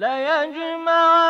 ليجمعن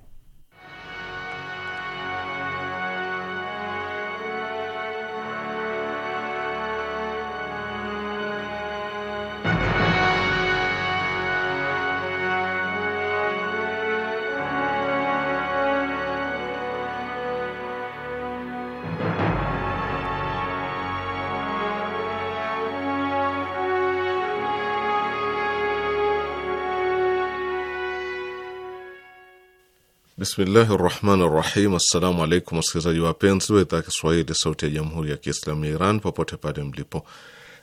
Bismillahi rahmani rahim. Assalamu alaikum wasikilizaji wapenzi wa idhaa ya Kiswahili sauti ya jamhuri ya Kiislamu ya Iran popote pale mlipo,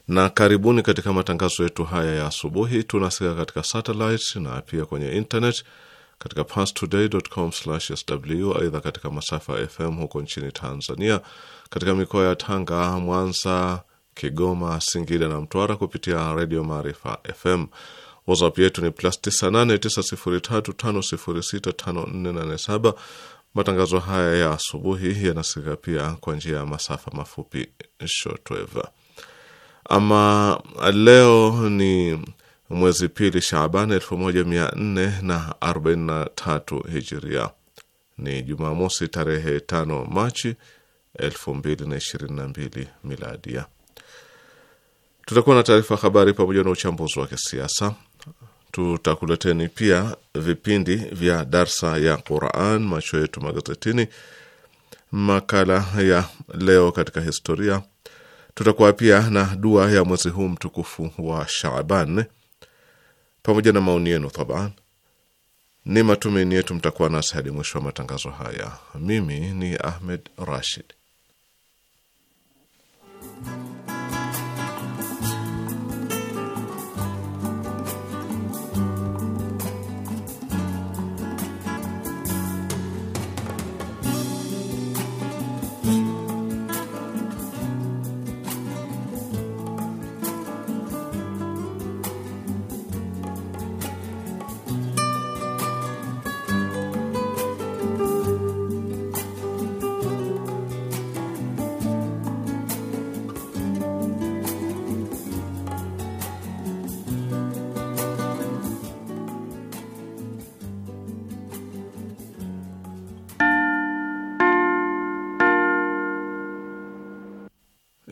na karibuni katika matangazo yetu haya ya asubuhi. Tunasikika katika satellite na pia kwenye internet katika pastodaycom sw Aidha, katika masafa FM huko nchini Tanzania, katika mikoa ya Tanga, Mwanza, Kigoma, Singida na Mtwara kupitia redio Maarifa FM. WhatsApp yetu ni plus 989035065487. Matangazo haya ya asubuhi yanasikika pia kwa njia ya masafa mafupi shortwave. Ama leo ni mwezi pili Shaaban 1443 Hijiria, ni Jumamosi tarehe 5 Machi 2022 Miladia. Tutakuwa na taarifa habari pamoja na uchambuzi wa kisiasa. Tutakuleteni pia vipindi vya darsa ya Quran, macho yetu magazetini, makala ya leo katika historia. Tutakuwa pia na dua ya mwezi huu mtukufu wa Shaaban pamoja na maoni yenu taban. Ni matumaini yetu mtakuwa nasi hadi mwisho wa matangazo haya. Mimi ni Ahmed Rashid.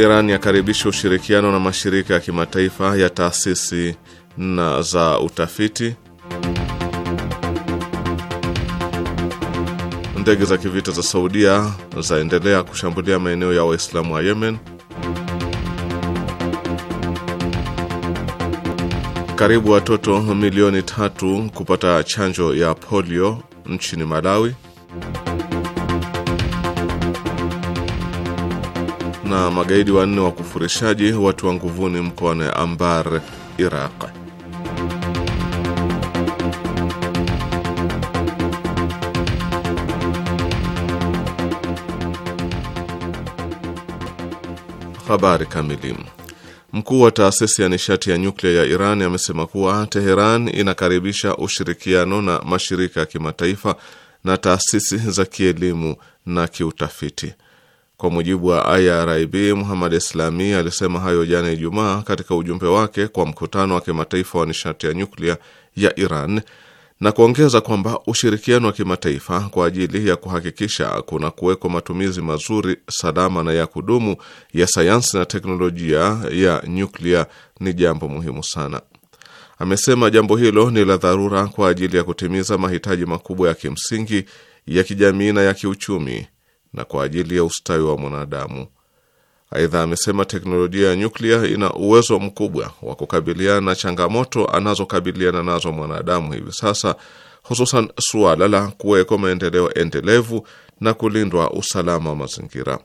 Iran yakaribisha ushirikiano na mashirika ya kimataifa ya taasisi na za utafiti. Ndege za kivita za Saudia zaendelea kushambulia maeneo ya Waislamu wa Yemen. Karibu watoto milioni tatu kupata chanjo ya polio nchini Malawi. na magaidi wanne wa kufurishaji watu wa nguvuni mkoani Ambar, Iraq. Habari kamili. Mkuu wa taasisi ya nishati ya nyuklia ya Iran amesema kuwa Teheran inakaribisha ushirikiano na mashirika ya kimataifa na taasisi za kielimu na kiutafiti. Kwa mujibu wa IRIB, Muhammad Islami alisema hayo jana Ijumaa katika ujumbe wake kwa mkutano wa kimataifa wa nishati ya nyuklia ya Iran na kuongeza kwamba ushirikiano wa kimataifa kwa ajili ya kuhakikisha kuna kuwekwa matumizi mazuri, salama na ya kudumu ya sayansi na teknolojia ya nyuklia ni jambo muhimu sana. Amesema jambo hilo ni la dharura kwa ajili ya kutimiza mahitaji makubwa ya kimsingi ya kijamii na ya kiuchumi na kwa ajili ya ustawi wa mwanadamu. Aidha, amesema teknolojia ya nyuklia ina uwezo mkubwa wa kukabiliana na changamoto anazokabiliana nazo mwanadamu hivi sasa, hususan suala la kuweko maendeleo endelevu na kulindwa usalama wa mazingira.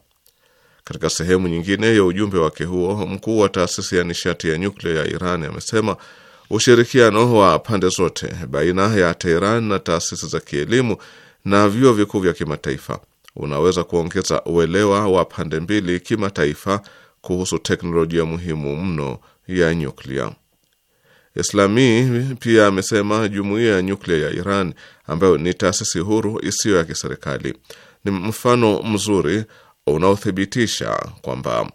Katika sehemu nyingine ya ujumbe wake huo, mkuu wa taasisi ya nishati ya nyuklia ya Iran amesema ushirikiano wa pande zote baina ya Teheran na taasisi za kielimu na vyuo vikuu vya kimataifa unaweza kuongeza uelewa wa pande mbili kimataifa kuhusu teknolojia muhimu mno ya nyuklia. Islami pia amesema jumuiya ya nyuklia ya Iran ambayo ni taasisi huru isiyo ya kiserikali ni mfano mzuri unaothibitisha kwamba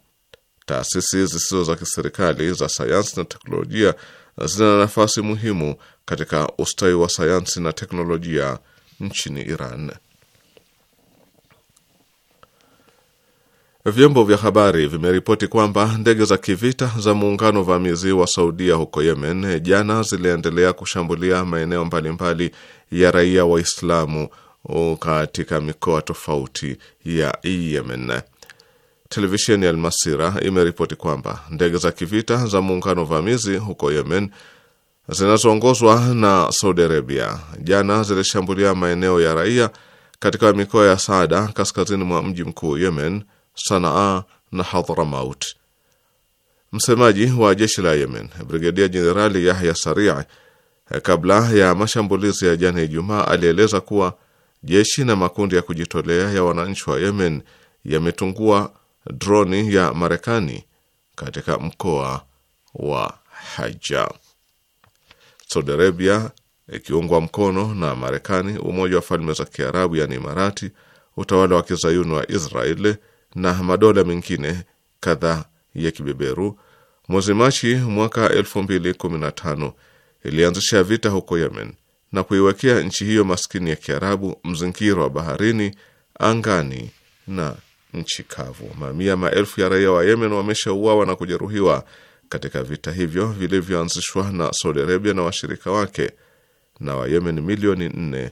taasisi zisizo za kiserikali za sayansi na teknolojia zina nafasi muhimu katika ustawi wa sayansi na teknolojia nchini Iran. Vyombo vya habari vimeripoti kwamba ndege za kivita za muungano vamizi wa Saudia huko Yemen jana ziliendelea kushambulia maeneo mbalimbali ya raia Waislamu katika mikoa tofauti ya Yemen. Televisheni ya Almasira imeripoti kwamba ndege za kivita za muungano vamizi huko Yemen zinazoongozwa na Saudi Arabia jana zilishambulia maeneo ya raia katika mikoa ya Saada kaskazini mwa mji mkuu Yemen Sanaa na Hadhramaut. Msemaji wa jeshi la Yemen, Brigedia Jenerali Yahya Sarii, kabla ya mashambulizi ya jana Ijumaa, alieleza kuwa jeshi na makundi ya kujitolea ya wananchi wa Yemen yametungua droni ya Marekani katika mkoa wa Haja. Saudi Arabia ikiungwa mkono na Marekani, Umoja wa Falme za Kiarabu yani Imarati, utawala wa kizayuni wa Israeli na madola mengine kadhaa ya kibeberu, mwezi Machi mwaka 2015 ilianzisha vita huko Yemen na kuiwekea nchi hiyo maskini ya Kiarabu mzingiro wa baharini, angani na nchi kavu. Mamia maelfu ya raia wa Yemen wameshauawa na kujeruhiwa katika vita hivyo vilivyoanzishwa na Saudi Arabia na washirika wake, na Wayemen milioni nne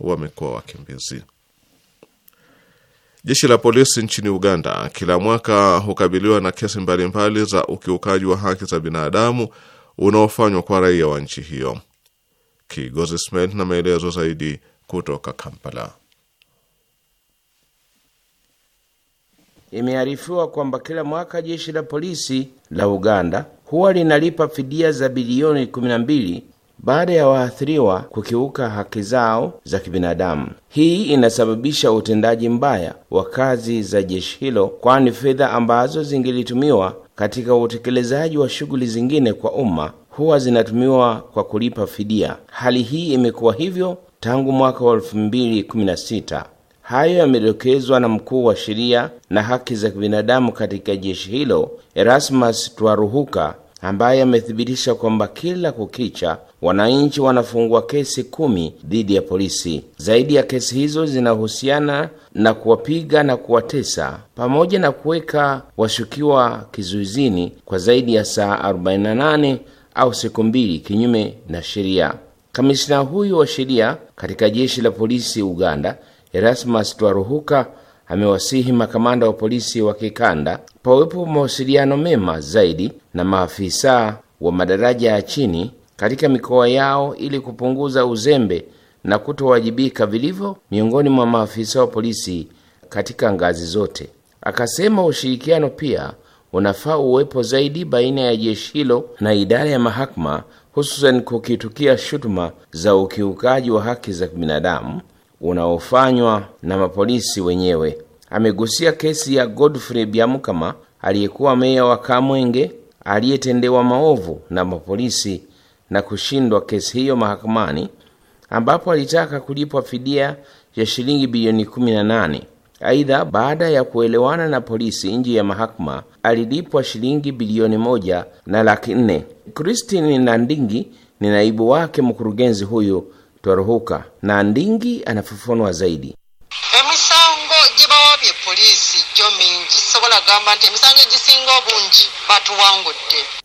wamekuwa wakimbizi. Jeshi la polisi nchini Uganda kila mwaka hukabiliwa na kesi mbalimbali za ukiukaji wa haki za binadamu unaofanywa kwa raia wa nchi hiyo. Kigozi Smith na maelezo zaidi kutoka Kampala. Imearifiwa kwamba kila mwaka jeshi la polisi la Uganda huwa linalipa fidia za bilioni 12 baada ya waathiriwa kukiuka haki zao za kibinadamu. Hii inasababisha utendaji mbaya wa kazi za jeshi hilo, kwani fedha ambazo zingelitumiwa katika utekelezaji wa shughuli zingine kwa umma huwa zinatumiwa kwa kulipa fidia. Hali hii imekuwa hivyo tangu mwaka wa 2016. Hayo yamedokezwa na mkuu wa sheria na haki za kibinadamu katika jeshi hilo Erasmus Twaruhuka, ambaye amethibitisha kwamba kila kukicha wananchi wanafungua kesi kumi dhidi ya polisi. Zaidi ya kesi hizo zinahusiana na kuwapiga na kuwatesa pamoja na kuweka washukiwa kizuizini kwa zaidi ya saa 48 au siku mbili kinyume na sheria. kamishina huyu wa sheria katika jeshi la polisi Uganda, Erasmus Twaruhuka, amewasihi makamanda wa polisi wa kikanda pawepo mawasiliano mema zaidi na maafisa wa madaraja ya chini katika mikoa yao ili kupunguza uzembe na kutowajibika vilivyo miongoni mwa maafisa wa polisi katika ngazi zote. Akasema ushirikiano pia unafaa uwepo zaidi baina ya jeshi hilo na idara ya mahakama, hususan kukitukia shutuma za ukiukaji wa haki za binadamu unaofanywa na mapolisi wenyewe. Amegusia kesi ya Godfrey Byamukama aliyekuwa meya wa Kamwenge aliyetendewa maovu na mapolisi na kushindwa kesi hiyo mahakamani ambapo alitaka kulipwa fidia ya shilingi bilioni 18. Aidha, baada ya kuelewana na polisi nje ya mahakama alilipwa shilingi bilioni moja na laki nne. Christine Nandingi ni naibu wake mkurugenzi huyu Twaruhuka. Nandingi anafafanua zaidi. emisango gibawabye polisi gyo mingi sobola gamba nti emisango egisinga obungi batuwangudde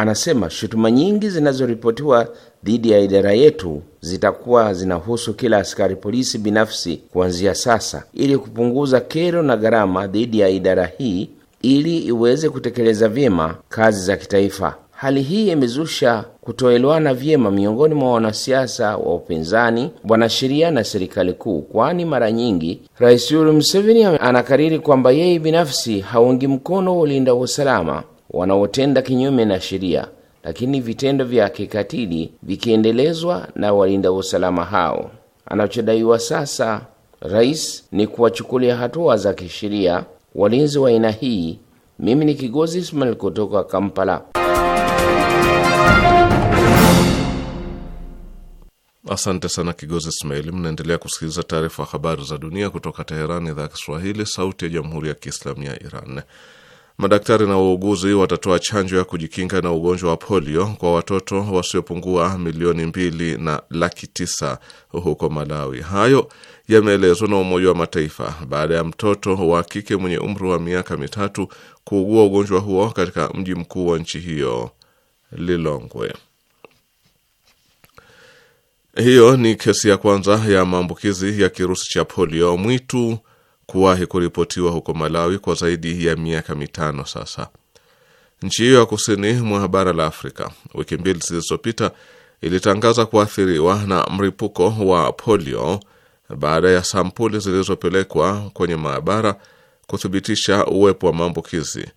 Anasema shutuma nyingi zinazoripotiwa dhidi ya idara yetu zitakuwa zinahusu kila askari polisi binafsi kuanzia sasa, ili kupunguza kero na gharama dhidi ya idara hii ili iweze kutekeleza vyema kazi za kitaifa. Hali hii imezusha kutoelewana vyema miongoni mwa wanasiasa wa upinzani, wanasheria na serikali kuu, kwani mara nyingi Rais Yoweri mseveni anakariri kwamba yeye binafsi haungi mkono ulinda usalama wanaotenda kinyume na sheria, lakini vitendo vya kikatili vikiendelezwa na walinda usalama hao. Anachodaiwa sasa rais ni kuwachukulia hatua za kisheria walinzi wa aina hii. Mimi ni Kigozi Ismail kutoka Kampala. Asante sana Kigozi Ismail. Mnaendelea kusikiliza taarifa habari za dunia kutoka Teherani, idhaa ya Kiswahili, sauti ya jamhuri ya kiislamu ya Iran. Madaktari na wauguzi watatoa chanjo ya kujikinga na ugonjwa wa polio kwa watoto wasiopungua milioni mbili na laki tisa huko Malawi. Hayo yameelezwa na Umoja wa Mataifa baada ya mtoto wa kike mwenye umri wa miaka mitatu kuugua ugonjwa huo katika mji mkuu wa nchi hiyo Lilongwe. Hiyo ni kesi ya kwanza ya maambukizi ya kirusi cha polio mwitu kuwahi kuripotiwa huko Malawi kwa zaidi ya miaka mitano sasa. Nchi hiyo ya kusini mwa bara la Afrika wiki mbili zilizopita ilitangaza kuathiriwa na mripuko wa polio baada ya sampuli zilizopelekwa kwenye maabara kuthibitisha uwepo wa maambukizi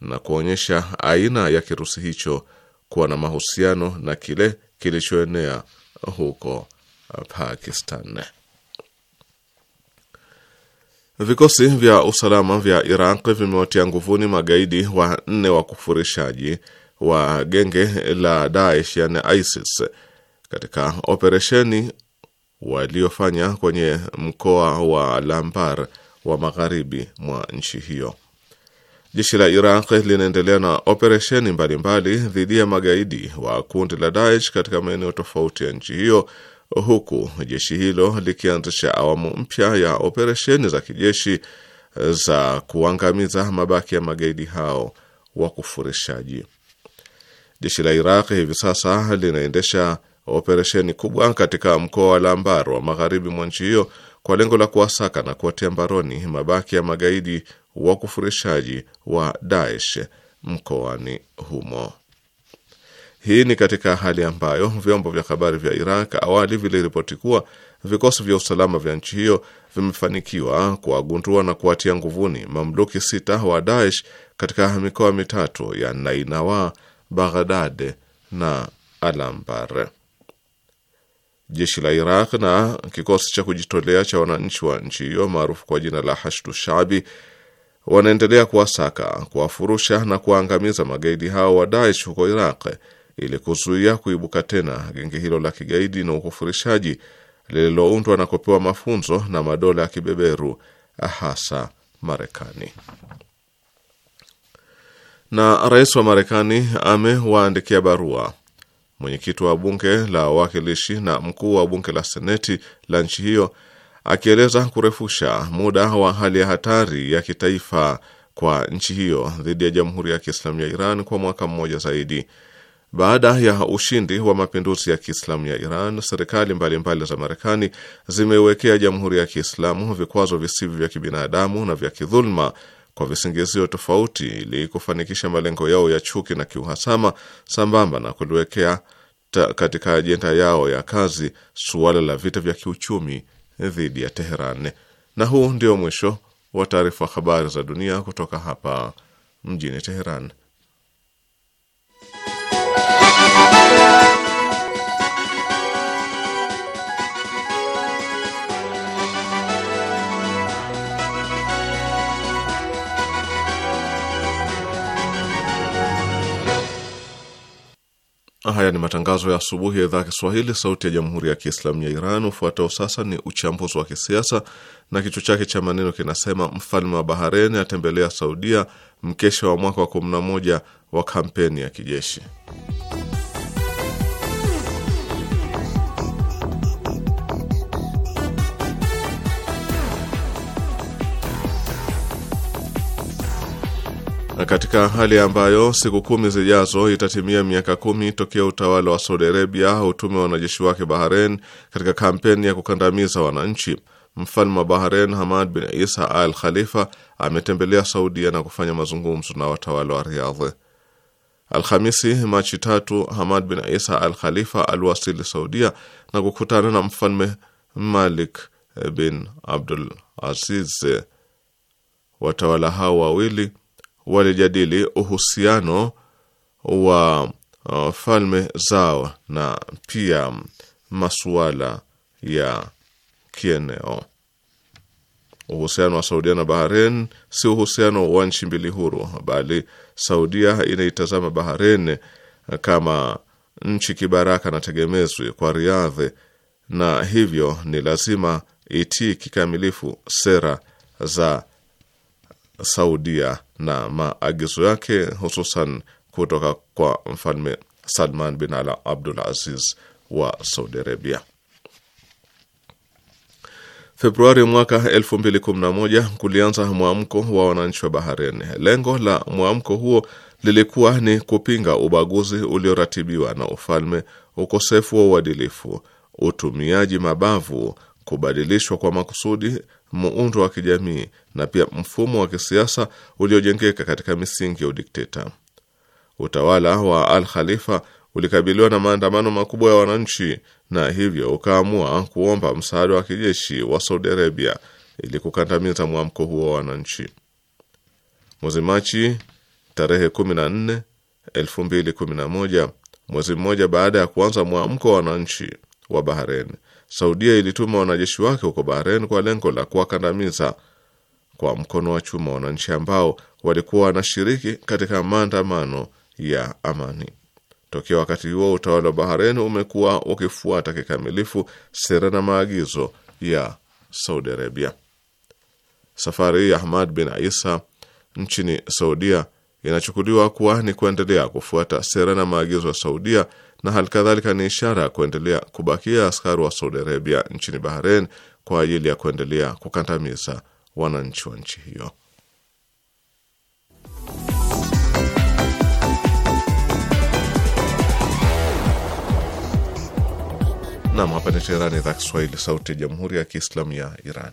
na kuonyesha aina ya kirusi hicho kuwa na mahusiano na kile kilichoenea huko Pakistan. Vikosi vya usalama vya Iraq vimewatia nguvuni magaidi wa nne wa kufurishaji wa genge la Daesh yani ISIS katika operesheni waliofanya kwenye mkoa wa Lambar wa magharibi mwa nchi hiyo. Jeshi la Iraq linaendelea na operesheni mbalimbali dhidi ya magaidi wa kundi la Daesh katika maeneo tofauti ya nchi hiyo huku jeshi hilo likianzisha awamu mpya ya operesheni za kijeshi za kuangamiza mabaki ya magaidi hao wakufurishaji. Jeshi la Iraq hivi sasa linaendesha operesheni kubwa katika mkoa wa Lambar wa magharibi mwa nchi hiyo kwa lengo la kuwasaka na kuwatia mbaroni mabaki ya magaidi wakufurishaji wa Daesh mkoani humo. Hii ni katika hali ambayo vyombo vya habari vya Iraq awali viliripoti kuwa vikosi vya usalama vya nchi hiyo vimefanikiwa kuwagundua na kuwatia nguvuni mamluki sita wa Daesh katika mikoa mitatu ya Nainawa, Baghdad na Alambar. Jeshi la Iraq na kikosi cha kujitolea cha wananchi wa nchi hiyo maarufu kwa jina la Hashdu shabi wanaendelea kuwasaka, kuwafurusha na kuwaangamiza magaidi hao wa Daesh huko Iraq ili kuzuia kuibuka tena genge hilo la kigaidi na ukufurishaji lililoundwa na kupewa mafunzo na madola ya kibeberu hasa Marekani. Na rais wa Marekani amewaandikia barua mwenyekiti wa bunge la wawakilishi na mkuu wa bunge la seneti la nchi hiyo akieleza kurefusha muda wa hali ya hatari ya kitaifa kwa nchi hiyo dhidi ya Jamhuri ya Kiislamu ya Iran kwa mwaka mmoja zaidi. Baada ya ushindi wa mapinduzi ya Kiislamu ya Iran, serikali mbalimbali za Marekani zimeiwekea Jamhuri ya Kiislamu vikwazo visivyo vya kibinadamu na vya kidhulma kwa visingizio tofauti ili kufanikisha malengo yao ya chuki na kiuhasama, sambamba na kuliwekea katika ajenda yao ya kazi suala la vita vya kiuchumi dhidi ya Teheran. Na huu ndio mwisho wa taarifa habari za dunia kutoka hapa mjini Teheran. Haya ni matangazo ya asubuhi ya idhaa Kiswahili, sauti ya jamhuri ya kiislamu ya Iran. Ufuatao sasa ni uchambuzi wa kisiasa na kichwa chake cha maneno kinasema: mfalme wa Bahareni atembelea Saudia mkesha wa mwaka wa 11 wa kampeni ya kijeshi. katika hali ambayo siku kumi zijazo itatimia miaka kumi tokea utawala wa Saudi Arabia utume wa wanajeshi wake Bahrain katika kampeni ya kukandamiza wananchi. Mfalme wa Bahrain Hamad bin Isa Al Khalifa ametembelea Saudia na kufanya mazungumzo na watawala wa riadhi Alhamisi Machi tatu, Hamad bin Isa Al Khalifa aliwasili Saudia na kukutana na mfalme Malik bin Abdul Aziz. Watawala hao wawili walijadili uhusiano wa uh, falme zao na pia masuala ya kieneo. Uhusiano wa Saudia na Bahrain si uhusiano wa nchi mbili huru, bali Saudia inaitazama Bahrain kama nchi kibaraka na tegemezwi kwa riadhi na hivyo ni lazima itii kikamilifu sera za Saudia na maagizo yake, hususan kutoka kwa mfalme Salman bin Ala Abdul Aziz wa Saudi Arabia. Februari mwaka 2011 kulianza mwamko wa wananchi wa bahareni Lengo la mwamko huo lilikuwa ni kupinga ubaguzi ulioratibiwa na ufalme, ukosefu wa uadilifu, utumiaji mabavu kubadilishwa kwa makusudi muundo wa kijamii na pia mfumo wa kisiasa uliojengeka katika misingi ya udikteta. Utawala wa Al Khalifa ulikabiliwa na maandamano makubwa ya wananchi na hivyo ukaamua kuomba msaada wa kijeshi wa Saudi Arabia ili kukandamiza mwamko huo wa wananchi. Mwezi Machi tarehe 14, 2011, mwezi mmoja baada ya kuanza mwamko wa wananchi wa Bahrain Saudia ilituma wanajeshi wake huko Bahrain kwa lengo la kuwakandamiza kwa mkono wa chuma wananchi ambao walikuwa wanashiriki katika maandamano ya amani. Tokea wakati huo, utawala wa Bahrain umekuwa ukifuata kikamilifu sera na maagizo ya Saudi Arabia. Safari hii Ahmad bin Isa nchini Saudia inachukuliwa kuwa ni kuendelea kufuata sera na maagizo ya Saudia na hali kadhalika ni ishara ya kuendelea kubakia askari wa Saudi Arabia nchini Bahrain kwa ajili ya kuendelea kukandamiza wananchi wa nchi hiyo. Nam, hapa ni Teherani, idhaa Kiswahili, sauti ya jamhuri ya kiislamu ya Iran.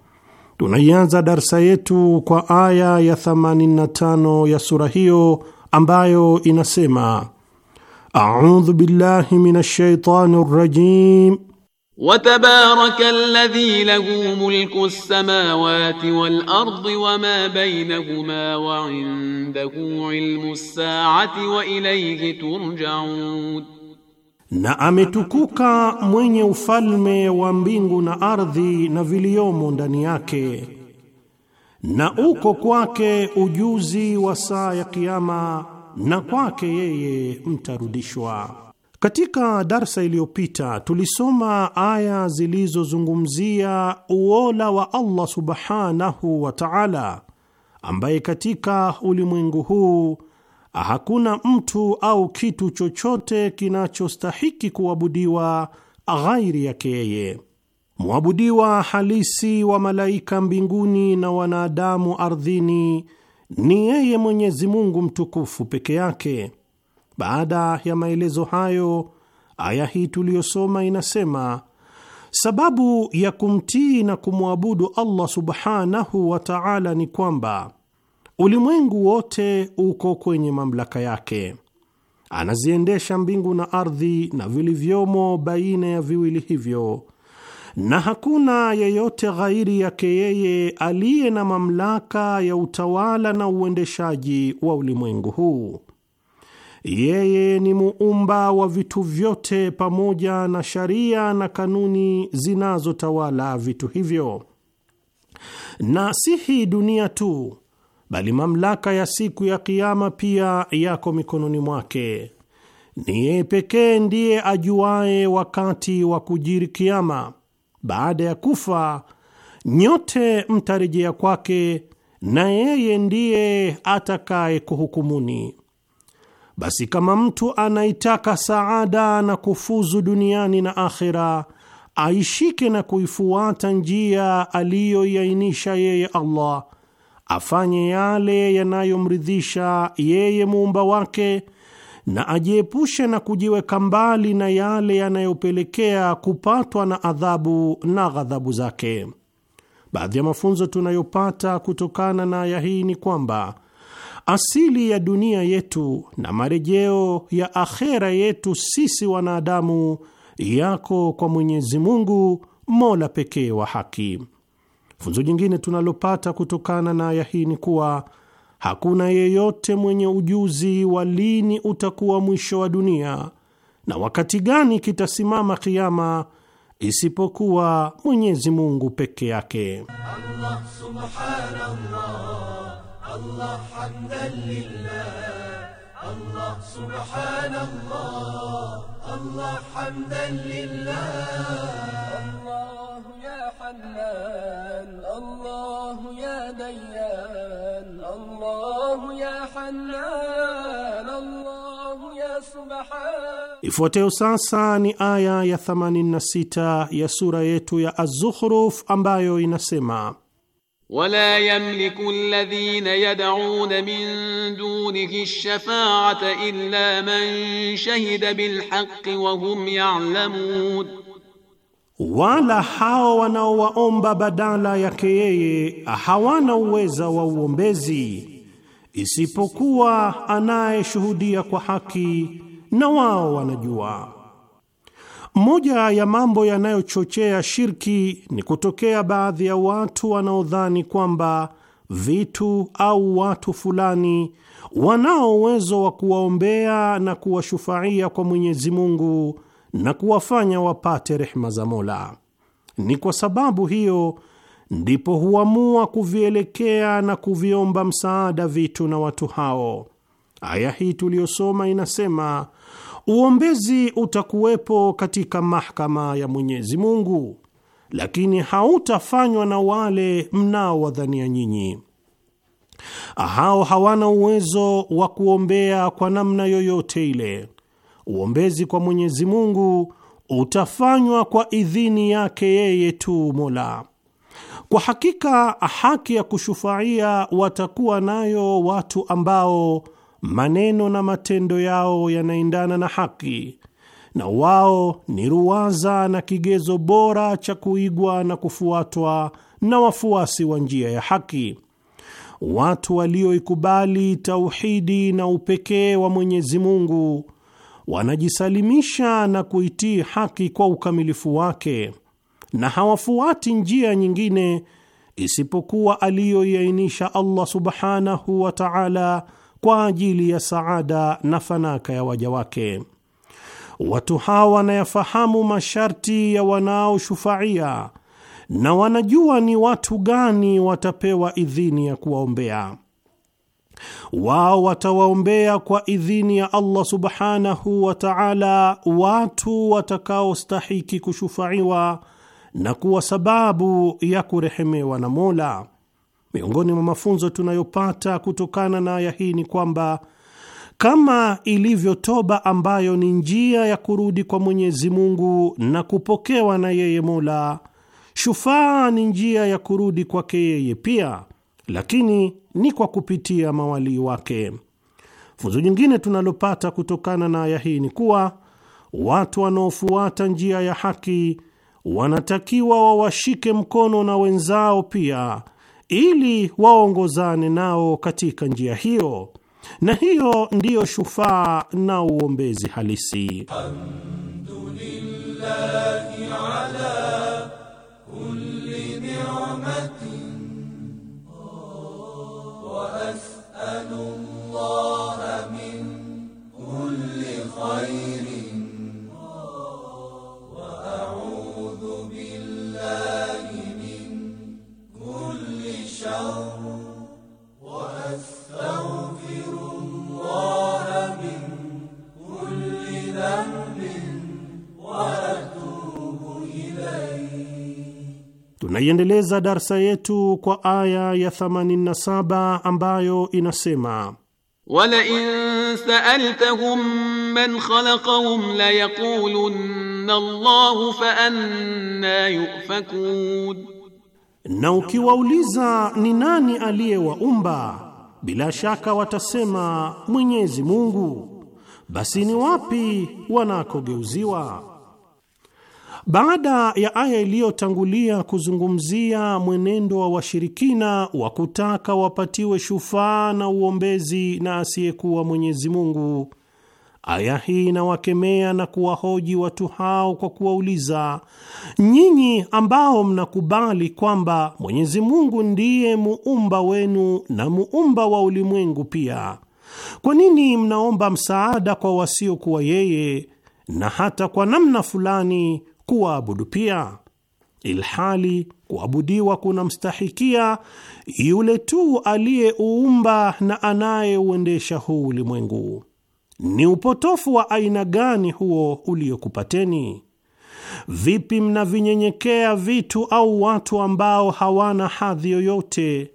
Tunaianza darsa yetu kwa aya ya 85 ya sura hiyo ambayo inasema: audhu billahi minash shaitani rrajim watabaraka alladhi lahu mulku samawati wal ardi wama bainahuma wa indahu ilmu ssaati wa ilayhi turjaun na ametukuka mwenye ufalme wa mbingu na ardhi na viliomo ndani yake, na uko kwake ujuzi wa saa ya Kiyama, na kwake yeye mtarudishwa. Katika darsa iliyopita tulisoma aya zilizozungumzia uola wa Allah subhanahu wa ta'ala, ambaye katika ulimwengu huu hakuna mtu au kitu chochote kinachostahiki kuabudiwa ghairi yake yeye. Mwabudiwa halisi wa malaika mbinguni na wanadamu ardhini ni yeye Mwenyezi Mungu mtukufu peke yake. Baada ya maelezo hayo, aya hii tuliyosoma inasema sababu ya kumtii na kumwabudu Allah subhanahu wa ta'ala ni kwamba Ulimwengu wote uko kwenye mamlaka yake. Anaziendesha mbingu na ardhi na vilivyomo baina ya viwili hivyo, na hakuna yeyote ghairi yake yeye aliye na mamlaka ya utawala na uendeshaji wa ulimwengu huu. Yeye ni muumba wa vitu vyote pamoja na sharia na kanuni zinazotawala vitu hivyo, na si hii dunia tu bali mamlaka ya siku ya Kiama pia yako mikononi mwake. Ni yeye pekee ndiye ajuaye wakati wa kujiri Kiama. Baada ya kufa, nyote mtarejea kwake, na yeye ndiye atakaye kuhukumuni. Basi kama mtu anaitaka saada na kufuzu duniani na akhera, aishike na kuifuata njia aliyoiainisha yeye Allah afanye yale yanayomridhisha yeye muumba wake na ajiepushe na kujiweka mbali na yale yanayopelekea kupatwa na adhabu na ghadhabu zake. Baadhi ya mafunzo tunayopata kutokana na aya hii ni kwamba asili ya dunia yetu na marejeo ya akhera yetu sisi wanadamu yako kwa Mwenyezi Mungu, mola pekee wa haki. Funzo jingine tunalopata kutokana na aya hii ni kuwa hakuna yeyote mwenye ujuzi wa lini utakuwa mwisho wa dunia na wakati gani kitasimama kiama isipokuwa Mwenyezi Mungu peke yake. Allah, subhanallah, Allah, Allah, subhanallah, Allah, ya الله يا ديان الله يا حنان الله يا سبحان Ifuatayo sasa ni aya ya 86 ya sura yetu ya Az-Zukhruf ambayo inasema ولا يملك الذين يدعون من دونه الشفاعة إلا من شهد بالحق وهم يعلمون wala hao wanaowaomba badala yake yeye hawana uweza wa uombezi isipokuwa anayeshuhudia kwa haki, na wao wanajua. Moja ya mambo yanayochochea shirki ni kutokea baadhi ya watu wanaodhani kwamba vitu au watu fulani wanao uwezo wa kuwaombea na kuwashufaia kwa Mwenyezi Mungu na kuwafanya wapate rehma za Mola. Ni kwa sababu hiyo ndipo huamua kuvielekea na kuviomba msaada vitu na watu hao. Aya hii tuliyosoma inasema uombezi utakuwepo katika mahakama ya Mwenyezi Mungu, lakini hautafanywa na wale mnaowadhania nyinyi. Hao hawana uwezo wa kuombea kwa namna yoyote ile uombezi kwa Mwenyezi Mungu utafanywa kwa idhini yake yeye tu Mola. Kwa hakika haki ya kushufaia watakuwa nayo watu ambao maneno na matendo yao yanaendana na haki, na wao ni ruwaza na kigezo bora cha kuigwa na kufuatwa na wafuasi wa njia ya haki. Watu walioikubali tauhidi na upekee wa Mwenyezi Mungu wanajisalimisha na kuitii haki kwa ukamilifu wake na hawafuati njia nyingine isipokuwa aliyoiainisha Allah subhanahu wa ta'ala kwa ajili ya saada na fanaka ya waja wake. Watu hawa wanayafahamu masharti ya wanaoshufaia na wanajua ni watu gani watapewa idhini ya kuwaombea wao watawaombea kwa idhini ya Allah subhanahu wa ta'ala watu watakaostahiki kushufaiwa na kuwa sababu ya kurehemewa na Mola. Miongoni mwa mafunzo tunayopata kutokana na aya hii ni kwamba kama ilivyo toba ambayo ni njia ya kurudi kwa Mwenyezi Mungu na kupokewa na yeye Mola, shufaa ni njia ya kurudi kwake yeye pia, lakini ni kwa kupitia mawalii wake. Funzo jingine tunalopata kutokana na aya hii ni kuwa watu wanaofuata njia ya haki wanatakiwa wawashike mkono na wenzao pia, ili waongozane nao katika njia hiyo, na hiyo ndiyo shufaa na uombezi halisi. Alhamdulillahi ala kulli وأسأل الله من كل خير وأعوذ بالله من كل شر وأستغفر الله من كل ذنب وأتوب Tunaiendeleza darsa yetu kwa aya ya 87 ambayo inasema wala in sa'altahum man khalaqahum la yaqulunna fa anna yufakun, na ukiwauliza ni nani aliyewaumba bila shaka watasema Mwenyezi Mungu, basi ni wapi wanakogeuziwa? Baada ya aya iliyotangulia kuzungumzia mwenendo wa washirikina wa kutaka wapatiwe shufaa na uombezi na asiyekuwa Mwenyezi Mungu, aya hii inawakemea na kuwahoji watu hao kwa kuwauliza, nyinyi ambao mnakubali kwamba Mwenyezi Mungu ndiye muumba wenu na muumba wa ulimwengu pia, kwa nini mnaomba msaada kwa wasiokuwa yeye na hata kwa namna fulani kuwaabudu pia, ilhali kuabudiwa kuna mstahikia yule tu aliyeuumba na anayeuendesha huu ulimwengu. Ni upotofu wa aina gani huo uliokupateni? Vipi mnavinyenyekea vitu au watu ambao hawana hadhi yoyote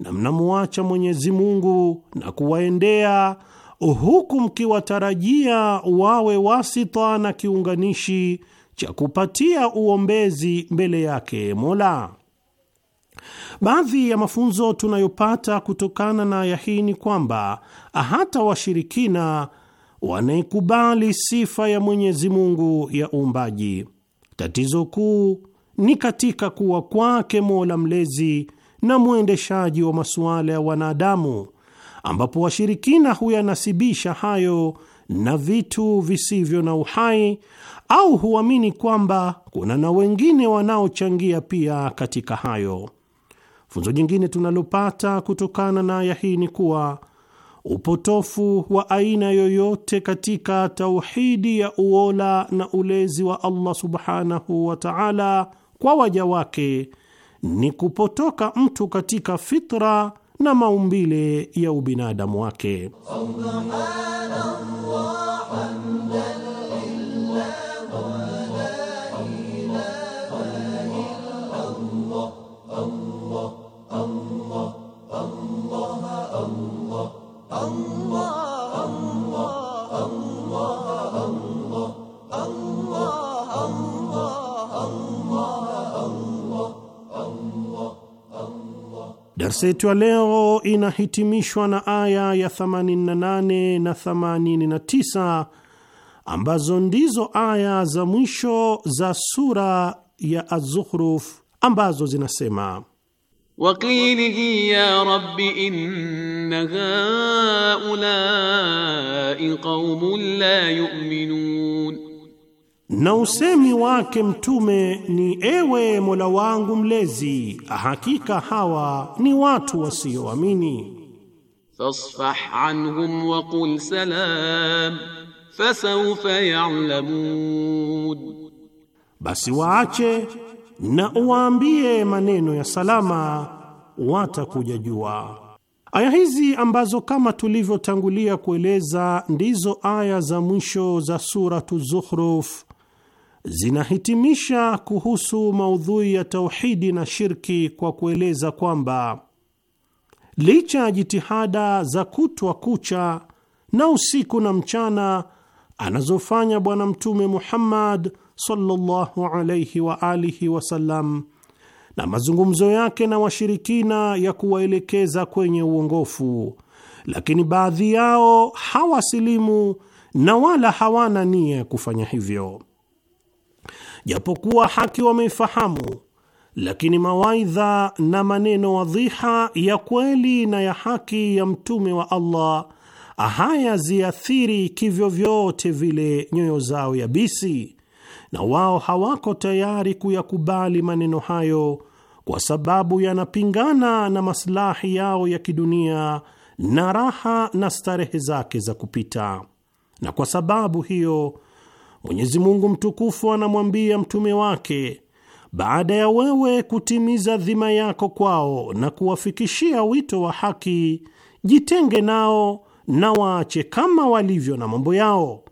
na mnamuacha Mwenyezi Mungu na kuwaendea huku mkiwatarajia wawe wasita na kiunganishi cha kupatia uombezi mbele yake Mola. Baadhi ya mafunzo tunayopata kutokana na aya hii ni kwamba hata washirikina wanaikubali sifa ya Mwenyezi Mungu ya uumbaji. Tatizo kuu ni katika kuwa kwake Mola mlezi na mwendeshaji wa masuala ya wanadamu, ambapo washirikina huyanasibisha hayo na vitu visivyo na uhai au huamini kwamba kuna na wengine wanaochangia pia katika hayo. Funzo jingine tunalopata kutokana na aya hii ni kuwa upotofu wa aina yoyote katika tauhidi ya uola na ulezi wa Allah subhanahu wa ta'ala kwa waja wake ni kupotoka mtu katika fitra na maumbile ya ubinadamu wake. Subhanallah. Darsa yetu ya leo inahitimishwa na aya ya 88 na 89 ambazo ndizo aya za mwisho za sura ya Az-Zukhruf ambazo zinasema Waqilihi ya rabbi inna haulai qaumun la yu'minun na usemi wake Mtume ni ewe Mola wangu mlezi, hakika hawa ni watu wasioamini. fasfah anhum wa qul salam fasawfa ya'lamun, basi waache na uwaambie maneno ya salama, watakuja jua. Aya hizi ambazo kama tulivyotangulia kueleza ndizo aya za mwisho za Suratu Zuhruf zinahitimisha kuhusu maudhui ya tauhidi na shirki kwa kueleza kwamba licha ya jitihada za kutwa kucha na usiku na mchana anazofanya Bwana Mtume Muhammad sallallahu alayhi wa alihi wasallam na mazungumzo yake na washirikina ya kuwaelekeza kwenye uongofu, lakini baadhi yao hawasilimu na wala hawana nia ya kufanya hivyo japokuwa haki wameifahamu, lakini mawaidha na maneno wadhiha ya kweli na ya haki ya mtume wa Allah hayaziathiri kivyovyote vile nyoyo zao yabisi, na wao hawako tayari kuyakubali maneno hayo kwa sababu yanapingana na maslahi yao ya kidunia na raha na starehe zake za kupita, na kwa sababu hiyo Mwenyezi Mungu mtukufu anamwambia mtume wake, baada ya wewe kutimiza dhima yako kwao na kuwafikishia wito wa haki, jitenge nao na waache kama walivyo na mambo yao,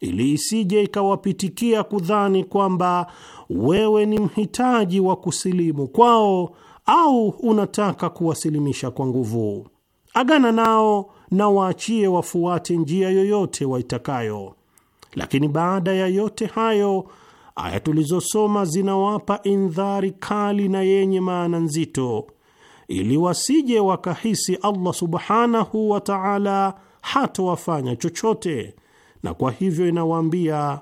ili isije ikawapitikia kudhani kwamba wewe ni mhitaji wa kusilimu kwao au unataka kuwasilimisha kwa nguvu. Agana nao na waachie wafuate njia yoyote waitakayo. Lakini baada ya yote hayo, aya tulizosoma zinawapa indhari kali na yenye maana nzito, ili wasije wakahisi Allah subhanahu wa ta'ala hatowafanya chochote, na kwa hivyo inawaambia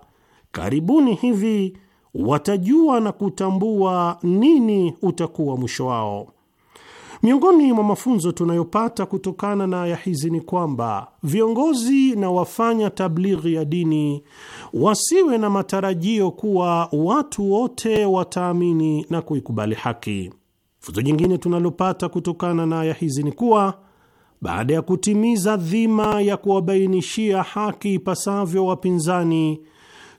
karibuni hivi watajua na kutambua nini utakuwa mwisho wao. Miongoni mwa mafunzo tunayopata kutokana na aya hizi ni kwamba viongozi na wafanya tablighi ya dini wasiwe na matarajio kuwa watu wote wataamini na kuikubali haki. Funzo jingine tunalopata kutokana na aya hizi ni kuwa baada ya kutimiza dhima ya kuwabainishia haki ipasavyo wapinzani,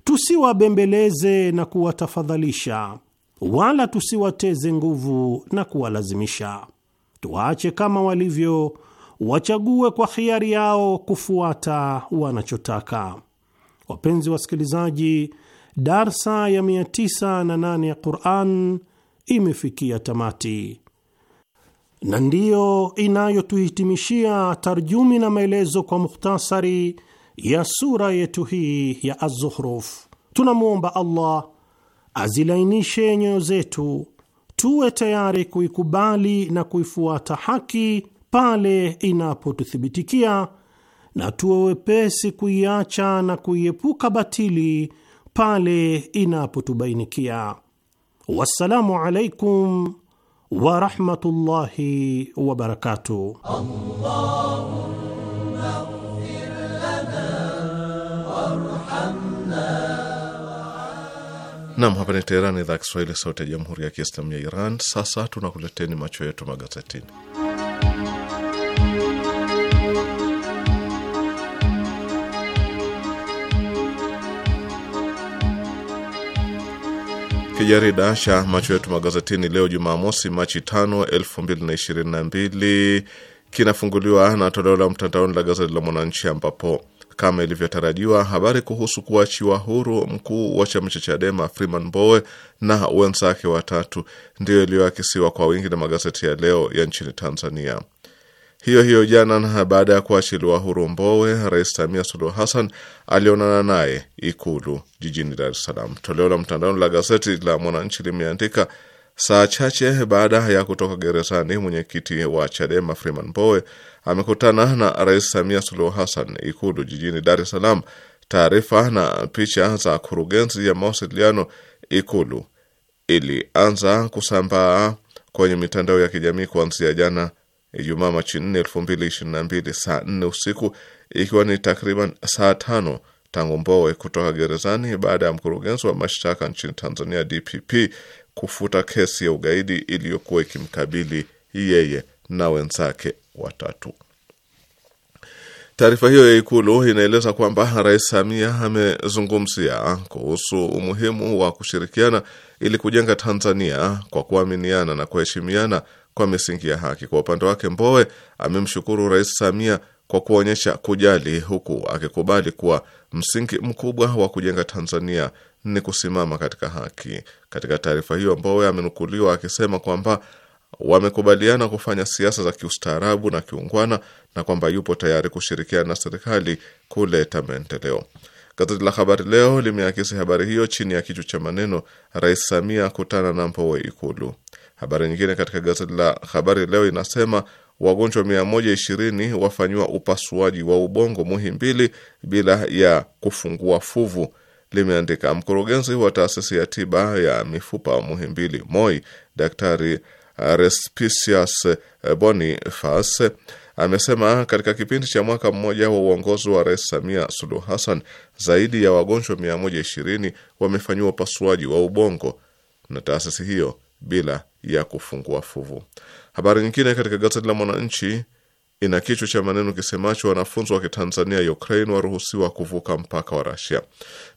tusiwabembeleze na kuwatafadhalisha, wala tusiwateze nguvu na kuwalazimisha tuache kama walivyo, wachague kwa hiari yao kufuata wanachotaka. Wapenzi wasikilizaji, darsa ya 98 ya Quran imefikia tamati na ndiyo inayotuhitimishia tarjumi na maelezo kwa mukhtasari ya sura yetu hii ya Az-Zukhruf. Tunamwomba Allah azilainishe nyoyo zetu tuwe tayari kuikubali na kuifuata haki pale inapotuthibitikia na tuwe wepesi kuiacha na kuiepuka batili pale inapotubainikia. Wassalamu alaikum warahmatullahi wabarakatuh. Nam, hapa ni Teherani, idhaa Kiswahili, sauti ya jamhuri ya kiislamu ya Iran. Sasa tunakuleteni macho yetu magazetini. Kijarida cha macho yetu magazetini leo Jumamosi, Machi ta 222 kinafunguliwa na toleo la mtandaoni la gazeti la Mwananchi ambapo kama ilivyotarajiwa, habari kuhusu kuachiwa huru mkuu wa chama cha Chadema Freeman Mbowe na wenzake watatu ndiyo iliyoakisiwa kwa wingi na magazeti ya leo ya nchini Tanzania. Hiyo hiyo jana, na baada ya kuachiliwa huru Mbowe, Rais Samia Suluhu Hassan alionana naye Ikulu jijini Dar es Salaam. Toleo la mtandaoni la gazeti la Mwananchi limeandika Saa chache baada ya kutoka gerezani, mwenyekiti wa Chadema Freeman Mbowe amekutana na Rais Samia Suluhu Hassan Ikulu jijini Dar es Salaam. Taarifa na picha za kurugenzi ya mawasiliano Ikulu ilianza kusambaa kwenye mitandao ya kijamii kuanzia jana Ijumaa Machi 4, 2022 saa 4 usiku, ikiwa ni takriban saa tano tangu Mbowe kutoka gerezani baada ya mkurugenzi wa mashtaka nchini Tanzania DPP kufuta kesi ya ugaidi iliyokuwa ikimkabili yeye na wenzake watatu. Taarifa hiyo ya Ikulu inaeleza kwamba Rais Samia amezungumzia kuhusu umuhimu wa kushirikiana ili kujenga Tanzania kwa kuaminiana na kuheshimiana kwa misingi ya haki. Kwa upande wake, Mbowe amemshukuru Rais Samia kwa kuonyesha kujali, huku akikubali kuwa msingi mkubwa wa kujenga Tanzania ni kusimama katika haki. Katika taarifa hiyo, Mbowe amenukuliwa akisema kwamba wamekubaliana kufanya siasa za kiustaarabu na kiungwana na kwamba yupo tayari kushirikiana na serikali kuleta maendeleo. Gazeti la Habari Leo limeakisi habari hiyo chini ya kichwa cha maneno, Rais Samia akutana na Mbowe Ikulu. Habari nyingine katika gazeti la Habari Leo inasema wagonjwa 120 wafanyiwa upasuaji wa ubongo Muhimbili bila ya kufungua fuvu limeandika mkurugenzi wa taasisi ya tiba ya mifupa Muhimbili MOI Daktari Respicius Boniface amesema katika kipindi cha mwaka mmoja wa uongozi wa Rais Samia Suluhu Hassan zaidi ya wagonjwa 120 wamefanyiwa upasuaji wa ubongo na taasisi hiyo bila ya kufungua fuvu. Habari nyingine katika gazeti la Mwananchi ina kichwa cha maneno kisemacho wanafunzi wa Kitanzania Ukraine waruhusiwa kuvuka mpaka wa Rasia.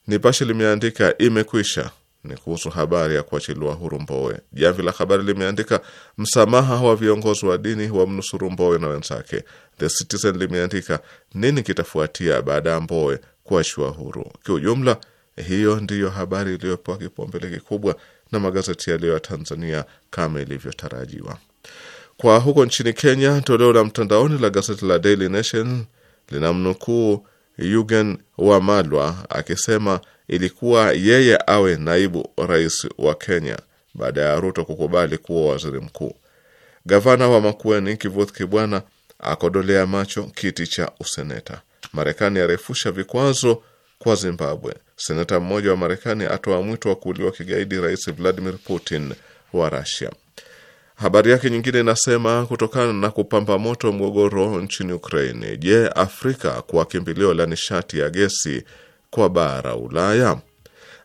Nipashe limeandika imekwisha ni kuhusu habari ya kuachiliwa huru Mbowe. Jamvi la Habari limeandika msamaha wa viongozi wa dini wa mnusuru Mbowe na wenzake. The Citizen limeandika nini kitafuatia baada ya Mbowe kuachiwa huru. Kiujumla, hiyo ndiyo habari iliyopewa kipaumbele kikubwa na magazeti yaliyo ya Tanzania kama ilivyotarajiwa. Kwa huko nchini Kenya, toleo la mtandaoni la gazeti la Daily Nation linamnukuu Yugen Wamalwa akisema ilikuwa yeye awe naibu rais wa Kenya baada ya Ruto kukubali kuwa waziri mkuu. Gavana wa Makueni Kivuth Kibwana akodolea macho kiti cha useneta. Marekani arefusha vikwazo kwa Zimbabwe. Seneta mmoja wa Marekani atoa mwito wa kuuliwa kigaidi Rais Vladimir Putin wa Rusia. Habari yake nyingine inasema kutokana na kupamba moto mgogoro nchini Ukraini, je, Afrika kuwa kimbilio la nishati ya gesi kwa bara Ulaya?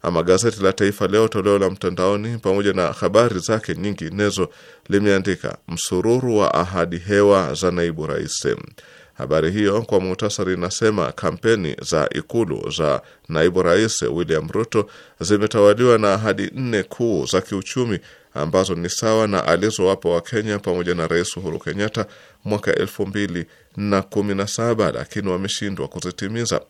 Ama gazeti la Taifa Leo toleo la mtandaoni, pamoja na habari zake nyinginezo, limeandika msururu wa ahadi hewa za naibu rais. Habari hiyo kwa muhtasari inasema kampeni za ikulu za naibu rais William Ruto zimetawaliwa na ahadi nne kuu za kiuchumi ambazo ni sawa na alizowapa Wakenya pamoja na Rais Uhuru Kenyatta mwaka elfu mbili na kumi na saba, lakini wameshindwa kuzitimiza.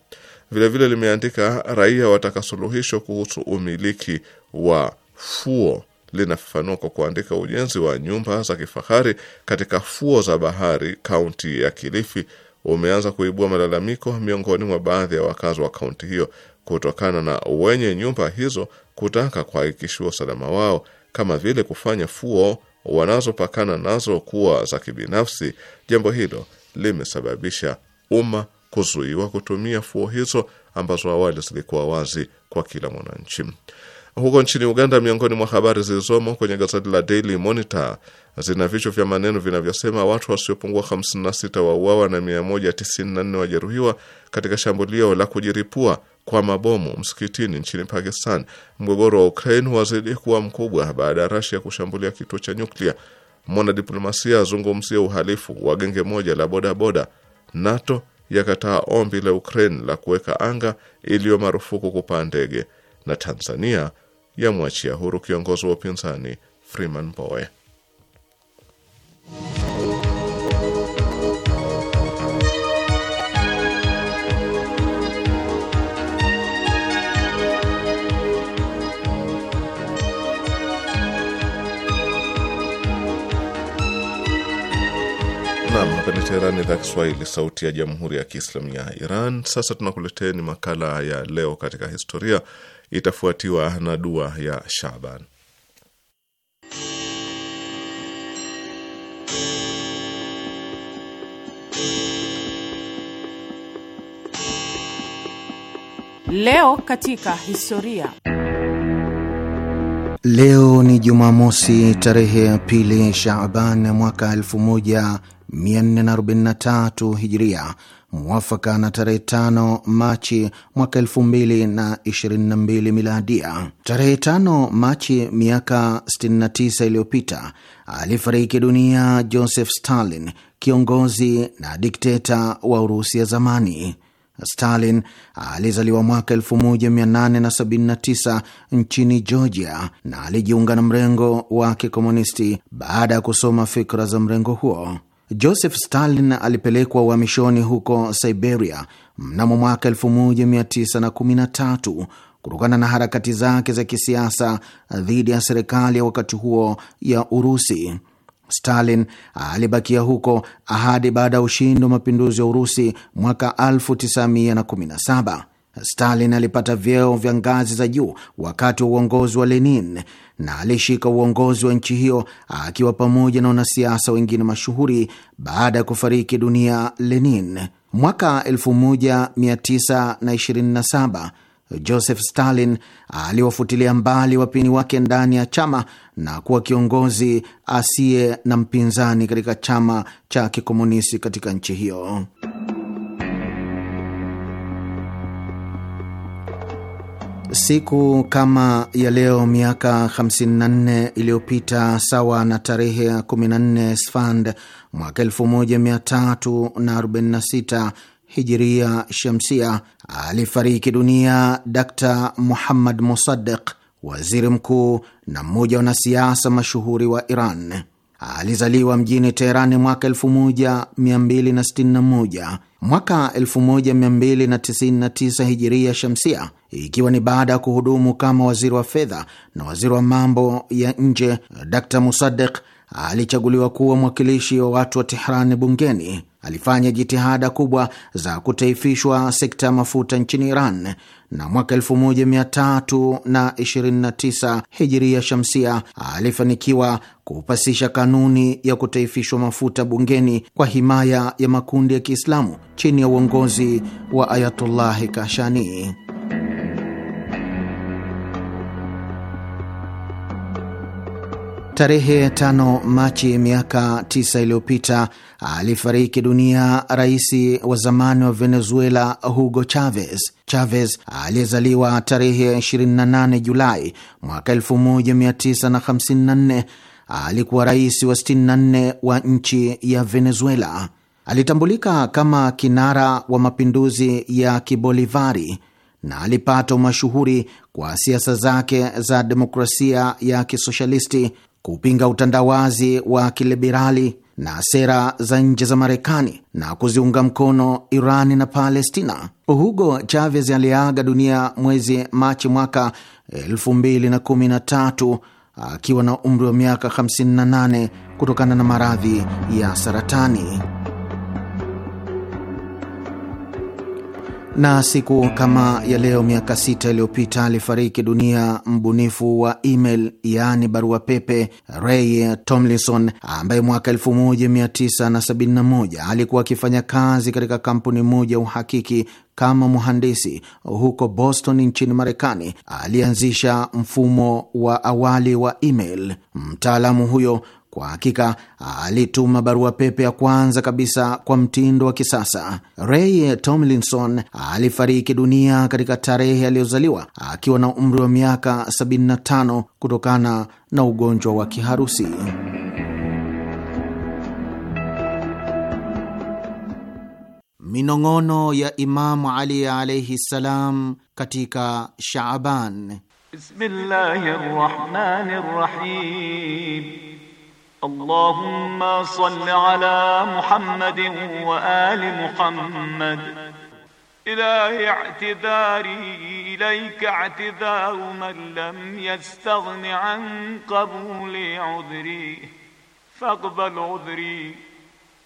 Vilevile limeandika raia wataka suluhisho kuhusu umiliki wa fuo. Linafafanua kwa kuandika ujenzi wa nyumba za kifahari katika fuo za bahari kaunti ya Kilifi umeanza kuibua malalamiko miongoni mwa baadhi ya wakazi wa kaunti hiyo kutokana na wenye nyumba hizo kutaka kuhakikishiwa usalama wao kama vile kufanya fuo wanazopakana nazo kuwa za kibinafsi, jambo hilo limesababisha umma kuzuiwa kutumia fuo hizo ambazo awali zilikuwa wazi kwa kila mwananchi. Huko nchini Uganda, miongoni mwa habari zilizomo kwenye gazeti la Daily Monitor zina vichwa vya maneno vinavyosema watu wasiopungua 56 wauawa na 194 wajeruhiwa katika shambulio la kujiripua kwa mabomu msikitini nchini Pakistan. Mgogoro wa Ukraine wazidi kuwa mkubwa baada ya Russia kushambulia kituo cha nyuklia. Mwanadiplomasia azungumzia uhalifu wa genge moja la bodaboda. NATO yakataa ombi la Ukraine la kuweka anga iliyo marufuku kupaa ndege na Tanzania yamwachia huru kiongozi wa upinzani Freeman Mbowe. Hapa ni Teherani, idhaa Kiswahili, sauti ya jamhuri ya kiislamu ya Iran. Sasa tunakuleteni makala ya leo katika historia itafuatiwa na dua ya Shaban. Leo katika historia. Leo ni Jumamosi tarehe ya pili Shaban mwaka 1443 Hijria mwafaka na tarehe 5 Machi mwaka 2022 miladia. Tarehe tano Machi miaka 69 iliyopita alifariki dunia Joseph Stalin, kiongozi na dikteta wa Urusi ya zamani. Stalin alizaliwa mwaka 1879 nchini Georgia na alijiunga na mrengo wa kikomunisti baada ya kusoma fikra za mrengo huo. Joseph Stalin alipelekwa uhamishoni huko Siberia mnamo mwaka 1913 kutokana na harakati zake za kisiasa dhidi ya serikali ya wakati huo ya Urusi. Stalin alibakia huko hadi baada ya ushindi wa mapinduzi ya Urusi mwaka 1917. Stalin alipata vyeo vya ngazi za juu wakati wa uongozi wa Lenin na alishika uongozi wa nchi hiyo akiwa pamoja na wanasiasa wengine mashuhuri baada ya kufariki dunia Lenin. Mwaka 1927 Joseph Stalin aliwafutilia mbali wapini wake ndani ya chama na kuwa kiongozi asiye na mpinzani katika chama cha kikomunisti katika nchi hiyo. Siku kama ya leo miaka 54 iliyopita sawa na tarehe ya 14 Sfand mwaka 1346 Hijiria Shamsia, alifariki dunia Dr Muhammad Musaddiq, waziri mkuu na mmoja wa wanasiasa mashuhuri wa Iran. Alizaliwa mjini Teherani mwaka 1261 mwaka 1299 hijiria shamsia, ikiwa ni baada ya kuhudumu kama waziri wa fedha na waziri wa mambo ya nje, Dr Musadik alichaguliwa kuwa mwakilishi wa watu wa Tehrani bungeni alifanya jitihada kubwa za kutaifishwa sekta ya mafuta nchini Iran na mwaka 1329 hijiria shamsia alifanikiwa kupasisha kanuni ya kutaifishwa mafuta bungeni kwa himaya ya makundi ya Kiislamu chini ya uongozi wa Ayatullahi Kashani. Tarehe tano Machi miaka tisa iliyopita alifariki dunia rais wa zamani wa Venezuela Hugo Chavez. Chavez aliyezaliwa tarehe 28 Julai mwaka 1954 alikuwa rais wa 64 wa nchi ya Venezuela. Alitambulika kama kinara wa mapinduzi ya kibolivari na alipata umashuhuri kwa siasa zake za demokrasia ya kisoshalisti kupinga utandawazi wa kiliberali na sera za nje za Marekani na kuziunga mkono Irani na Palestina. Hugo Chavez aliyeaga dunia mwezi Machi mwaka 2013 akiwa na umri wa miaka 58 kutokana na maradhi ya saratani. Na siku kama ya leo miaka sita iliyopita alifariki dunia mbunifu wa email yaani barua pepe Ray Tomlinson ambaye mwaka 1971 alikuwa akifanya kazi katika kampuni moja ya uhakiki kama mhandisi huko Boston nchini Marekani. Alianzisha mfumo wa awali wa email. Mtaalamu huyo kwa hakika alituma barua pepe ya kwanza kabisa kwa mtindo wa kisasa. Ray Tomlinson alifariki dunia katika tarehe aliyozaliwa akiwa na umri wa miaka 75 kutokana na ugonjwa wa kiharusi. Minong'ono ya Imamu Ali alaihi salam katika Shaaban. rahim اللهم صل على محمد وآل محمد إلهي اعتذاري إليك اعتذار من لم يستغن عن قبول عذري فاقبل عذري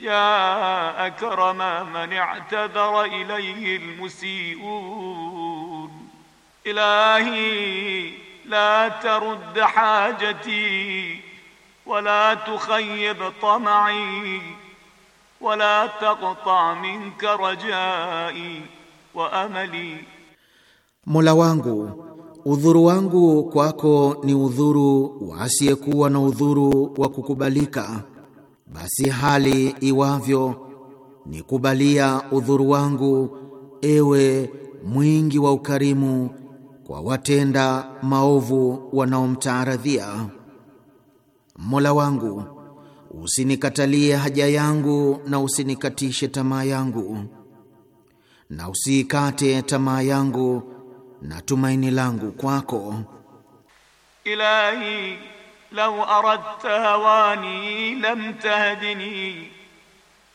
يا أكرم من اعتذر إليه المسيئون إلهي لا ترد حاجتي wala tukhayyib tam'i wala taqta minka rajai wa amali, Mola wangu udhuru wangu kwako ni udhuru wa na udhuru wa kukubalika, basi hali iwavyo nikubalia udhuru wangu, ewe mwingi wa ukarimu kwa watenda maovu wanaomtaaradhia. Mola wangu, usinikatalie haja yangu na usinikatishe tamaa yangu, na usiikate tamaa yangu na tumaini langu kwako. Ilahi law aradta hawani lam tahdini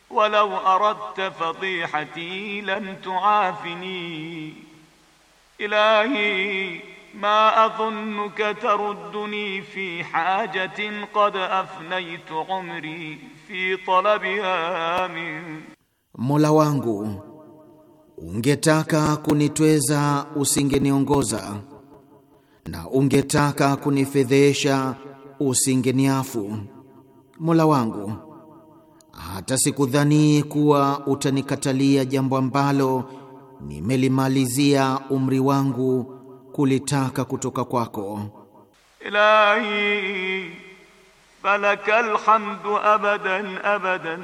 walau aradta fadihati lam tuafini ilahi ma adhunnuka tarudduni fi hajatin qad afnaytu umri fi talabiha min, Mola wangu ungetaka kunitweza usingeniongoza, na ungetaka kunifedhesha usingeniafu. Mola wangu, hata sikudhani kuwa utanikatalia jambo ambalo nimelimalizia umri wangu kulitaka kutoka kwako. Ilahi falakal hamdu abadan abadan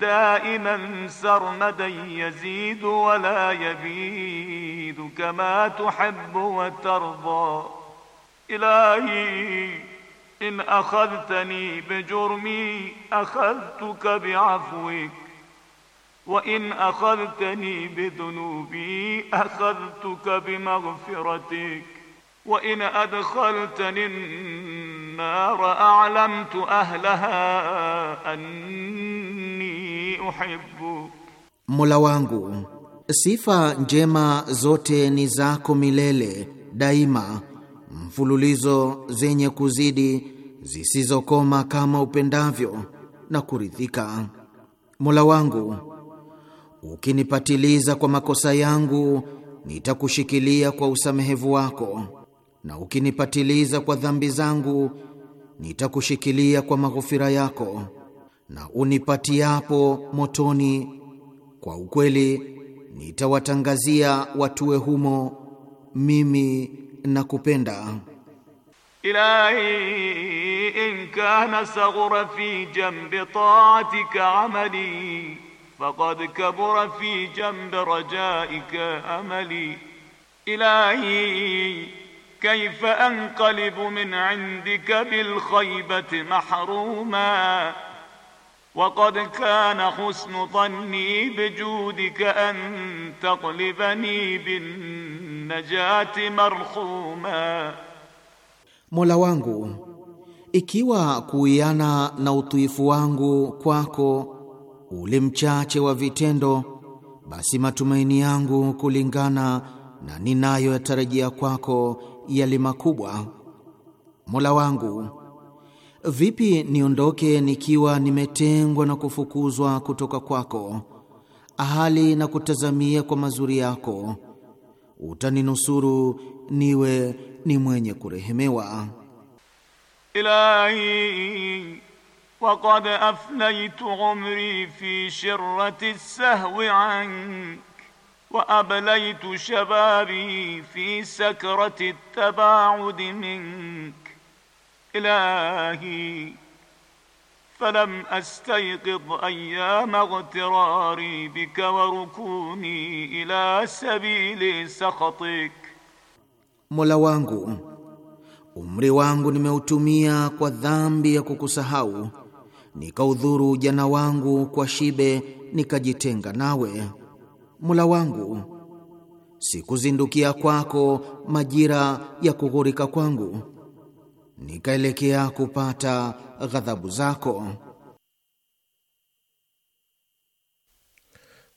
daiman sarmadan yazidu wa la yabidu kama tuhibbu wa tarda ilahi in akhadhtani bijurmi akhadhtuka biafwik wa in akhadhtani bidhunubi akhadhtuka bimaghfiratik wa in adkhaltani nara a'lamtu ahlaha anni uhibbu, Mola wangu sifa njema zote ni zako milele daima, mfululizo zenye kuzidi zisizokoma, kama upendavyo na kuridhika. Mola wangu ukinipatiliza kwa makosa yangu nitakushikilia kwa usamehevu wako, na ukinipatiliza kwa dhambi zangu nitakushikilia kwa maghofira yako, na unipatiapo motoni kwa ukweli nitawatangazia watuwe humo mimi kupenda Ilahi in kana saghura fi jambi taatika amali faqad kabura fi jambi rajaika amali ilahi kaifa anqalibu min indika bilkhaybati mahruma waqad kana husnu dhanni bijudika an taqlibani binnajati marhuma, Mola wangu, ikiwa kuiana na utuifu wangu kwako ule mchache wa vitendo, basi matumaini yangu kulingana na ninayoyatarajia kwako yali makubwa. Mola wangu, vipi niondoke nikiwa nimetengwa na kufukuzwa kutoka kwako, ahali na kutazamia kwa mazuri yako. Utaninusuru niwe ni mwenye kurehemewa. Ilahi Faqad afnaytu umri fi shirrati sahwi ank wa ablaytu shababi fi sakrati tabaud mink ilahi falam astayqid ayyama ightirari bika wa rukuni ila sabili sakhatik, Mola wangu umri wangu nimeutumia kwa dhambi ya kukusahau nikaudhuru ujana wangu kwa shibe, nikajitenga nawe. Mola wangu, sikuzindukia kwako majira ya kughurika kwangu, nikaelekea kupata ghadhabu zako.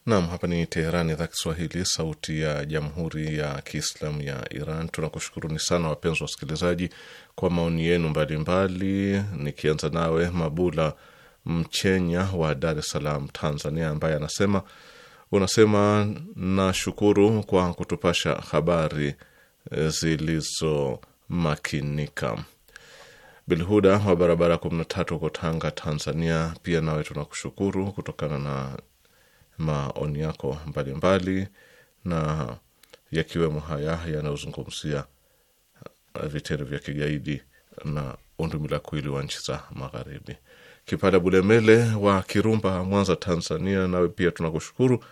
Nam, hapa ni Teherani, idhaa Kiswahili, sauti ya jamhuri ya kiislamu ya Iran. Tunakushukuruni sana wapenzi wa wasikilizaji kwa maoni yenu mbalimbali, nikianza nawe Mabula Mchenya wa Dar es Salaam, Tanzania, ambaye anasema unasema, nashukuru kwa kutupasha habari eh, zilizomakinika. Bilhuda wa barabara 13 huko Tanga, Tanzania, pia nawe tunakushukuru kutokana na maoni yako mbalimbali, na yakiwemo haya yanayozungumzia uh, vitendo vya kigaidi na undumila kuili wa nchi za Magharibi. Kipala Bulemele wa Kirumba, Mwanza, Tanzania, nawe pia tunakushukuru.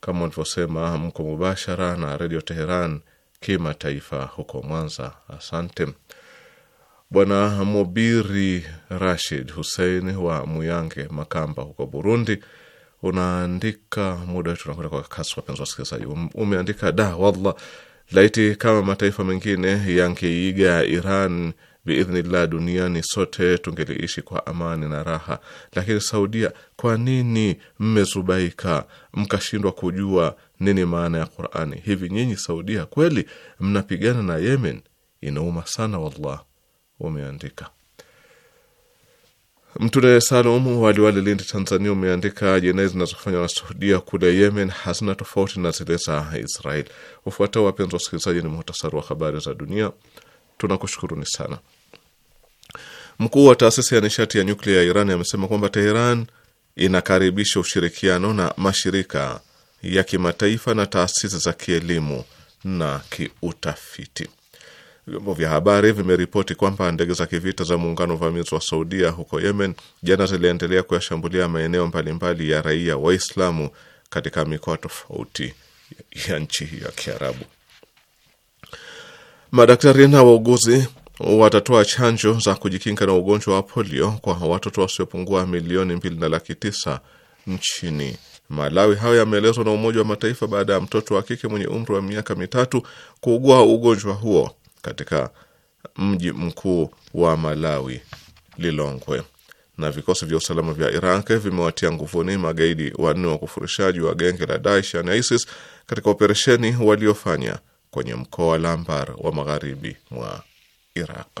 Kama ulivyosema, mko mubashara na Redio Teheran kimataifa huko Mwanza, asante. Bwana Mobiri Rashid Hussein wa Muyange, Makamba huko Burundi, unaandika muda wetu unakwenda kwa kasi, wapenzi wasikilizaji. Um, umeandika da wallah, laiti kama mataifa mengine yangeiga Iran biidhnillah, duniani sote tungeliishi kwa amani na raha. Lakini Saudia, kwa nini mmezubaika mkashindwa kujua nini maana ya Qurani? Hivi nyinyi Saudia kweli mnapigana na Yemen? Inauma sana wallah, umeandika Mtune Salum waliwali Lindi, Tanzania umeandika jinai zinazofanywa na Saudia kule Yemen hazina tofauti na zile za Israel. Ufuatao, wapenzi wasikilizaji, ni muhtasari wa habari za dunia. Tunakushukuruni sana. Mkuu wa taasisi ya nishati ya nyuklia ya Iran amesema kwamba Teheran inakaribisha ushirikiano na mashirika ya kimataifa na taasisi za kielimu na kiutafiti. Vyombo vya habari vimeripoti kwamba ndege za kivita za muungano uvamizi wa Saudia huko Yemen jana ziliendelea kuyashambulia maeneo mbalimbali ya raia Waislamu katika mikoa tofauti ya nchi hiyo ya Kiarabu. Madaktari na wauguzi watatoa chanjo za kujikinga na ugonjwa wa polio kwa watoto wasiopungua milioni mbili na laki tisa nchini Malawi. Hayo yameelezwa na Umoja wa Mataifa baada ya mtoto wa kike mwenye umri wa miaka mitatu kuugua ugonjwa huo katika mji mkuu wa Malawi, Lilongwe. Na vikosi vya usalama vya Iraq vimewatia nguvuni magaidi wanne wa kufurishaji wa genge la Daesh na yaani ISIS katika operesheni waliofanya kwenye mkoa wa Lambar wa magharibi mwa Iraq.